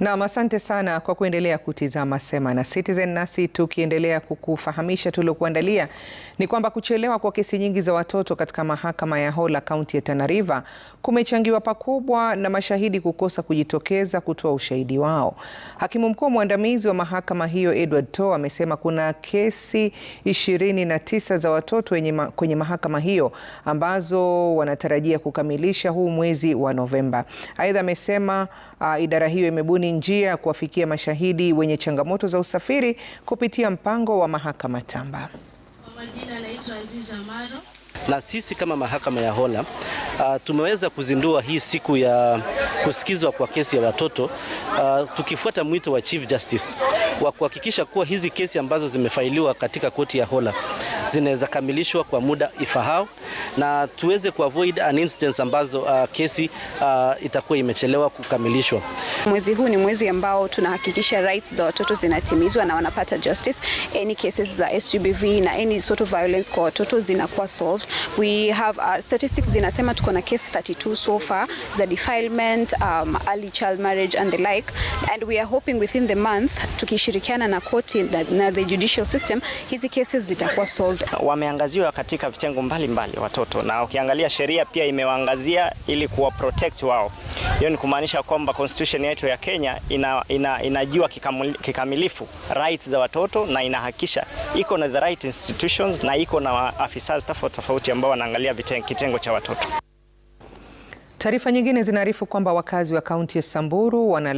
Naam, asante sana kwa kuendelea kutizama Sema na Citizen, nasi tukiendelea kukufahamisha tuliokuandalia ni kwamba kuchelewa kwa kesi nyingi za watoto katika mahakama ya Hola kaunti ya Tana River kumechangiwa pakubwa na mashahidi kukosa kujitokeza kutoa ushahidi wao. Hakimu mkuu mwandamizi wa mahakama hiyo Edward To amesema kuna kesi ishirini na tisa za watoto kwenye mahakama hiyo ambazo wanatarajia kukamilisha huu mwezi wa Novemba. Aidha amesema uh, idara hiyo imebuni ni njia ya kuwafikia mashahidi wenye changamoto za usafiri kupitia mpango wa mahakama tamba. Kwa majina Na sisi kama mahakama ya Hola uh, tumeweza kuzindua hii siku ya kusikizwa kwa kesi ya watoto uh, tukifuata mwito wa Chief Justice wa kuhakikisha kuwa hizi kesi ambazo zimefailiwa katika koti ya Hola zinaweza kamilishwa kwa muda ifahao na tuweze kuavoid an instance ambazo uh, kesi uh, itakuwa imechelewa kukamilishwa. Mwezi huu ni mwezi ambao tunahakikisha rights za watoto zinatimizwa na wanapata justice. Any cases za SGBV na any sort of violence kwa watoto zinakuwa solved. We have uh, statistics zinasema tuko na case 32 so far za defilement, um, early child marriage and the like and we are hoping within the month tukishirikiana na koti na, na the judicial system hizi cases zitakuwa solved wameangaziwa katika vitengo mbalimbali watoto, na ukiangalia sheria pia imewaangazia ili kuwa protect wao. Hiyo ni kumaanisha kwamba constitution yetu ya Kenya ina, ina, inajua kikamilifu rights za watoto na inahakikisha iko na the right institutions na iko na afisa tofauti tofauti ambao wanaangalia kitengo cha watoto. Taarifa nyingine zinaarifu kwamba wakazi wa kaunti ya Samburu wana